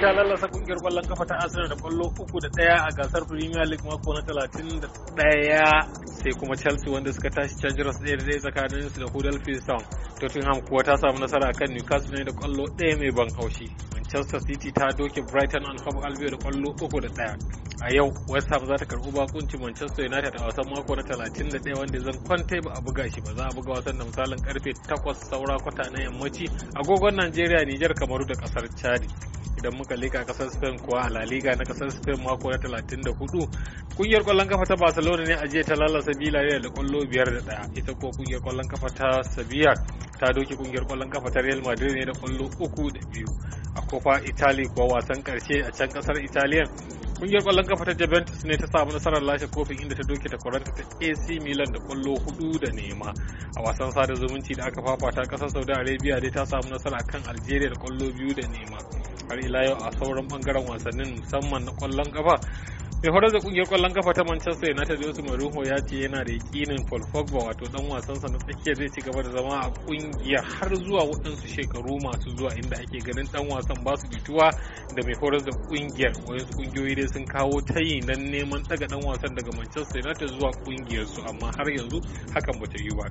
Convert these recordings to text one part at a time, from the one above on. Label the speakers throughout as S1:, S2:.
S1: ta lallasa kungiyar kwallon kafa ta Arsenal da kwallo uku da ɗaya a gasar Premier League mako na talatin da ɗaya sai kuma Chelsea wanda suka tashi Chargers ɗaya da tsakanin su da Hudal Fiston Tottenham kuwa ta samu nasara kan Newcastle ne da kwallo ɗaya mai ban haushi. Manchester City ta doke Brighton and Hove Albion da kwallo uku da ɗaya. A yau West Ham za ta karɓi bakunci Manchester United a wasan mako na talatin da ɗaya wanda zan kwanta ba a buga shi ba za a buga wasan da misalin karfe takwas saura kwata na yammaci agogon Najeriya Nijar Kamaru da kasar Chad. idan muka leka kasar spain kuwa a la liga na kasar spain mako na 34 kungiyar kwallon kafa ta barcelona ne a jiya ta lalasa villarreal da kwallo biyar da daya ita kuwa kungiyar kwallon kafa ta sevilla ta doke kungiyar kwallon kafa ta real madrid ne da kwallo uku da biyu a kofa italy kuwa wasan karshe a can kasar italian kungiyar kwallon kafa ta Juventus ne ta samu nasarar lashe kofin inda ta doke ta kwaranta ta AC Milan da kwallo hudu da nema a wasan sada zumunci da aka fafata kasar Saudi Arabia dai ta samu nasara kan Algeria da kwallo biyu da nema har ila yau a sauran bangaren wasannin musamman na kwallon kafa mai horar da kungiyar kwallon kafa ta manchester united jose mourinho ya ce yana da yakinin paul pogba wato dan wasansa na tsakiya zai ci gaba da zama a kungiya har zuwa waɗansu shekaru masu zuwa inda ake ganin dan wasan ba su jituwa da mai horar da kungiyar wayansu kungiyoyi dai sun kawo tayi na neman daga dan wasan daga manchester united zuwa kungiyar su amma har yanzu hakan ba ta yi ba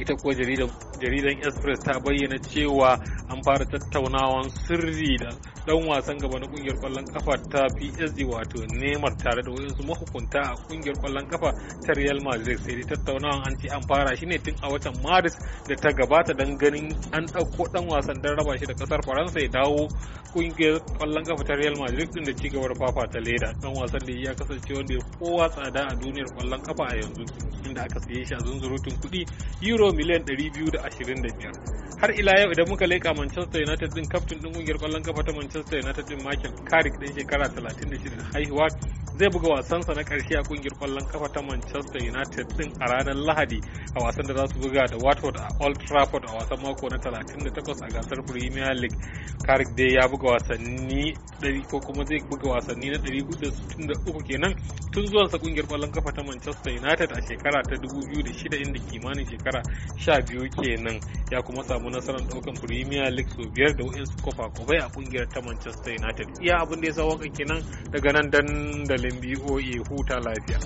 S1: ita kuwa jaridan express ta bayyana cewa an fara tattaunawan sirri da dan wasan gaba na kungiyar kwallon kafa ta PSG wato Neymar tare da wayansu mahukunta a kungiyar kwallon kafa ta Real Madrid sai dai tattaunawan an ce an fara shi ne tun a watan Maris da ta gabata dan ganin an dauko dan wasan dan raba shi da kasar Faransa ya dawo kungiyar kwallon kafa ta Real Madrid din da cigaba da fafa ta leda dan wasan da ya kasance wanda ya kowa tsada a duniyar kwallon kafa a yanzu inda aka siye shi a zunzurutun kuɗi euro miliyan 225 har ila yau idan muka leka Manchester United din kaftin din kungiyar kwallon kafa ta Manchester United din Michael Carrick din shekara 36 da haihuwa zai buga wasansa na ƙarshe a kungiyar kwallon kafa ta Manchester United din a ranar Lahadi a wasan da za su buga da Watford a Old Trafford a wasan mako na 38 a gasar Premier League Carrick dai ya buga wasanni ɗari ko kuma zai buga wasanni na ɗari hudu da uku kenan tun zuwan sa kungiyar ƙwallon kafa ta Manchester United a shekara ta dubu biyu da shida inda kimanin shekara sha biyu kenan ya kuma samu nasarar ɗaukan Premier League sau biyar da wa'insu kofa kofai a kungiyar ta Manchester United iya abin da ya sa waka kenan daga nan dandalin BOA huta lafiya.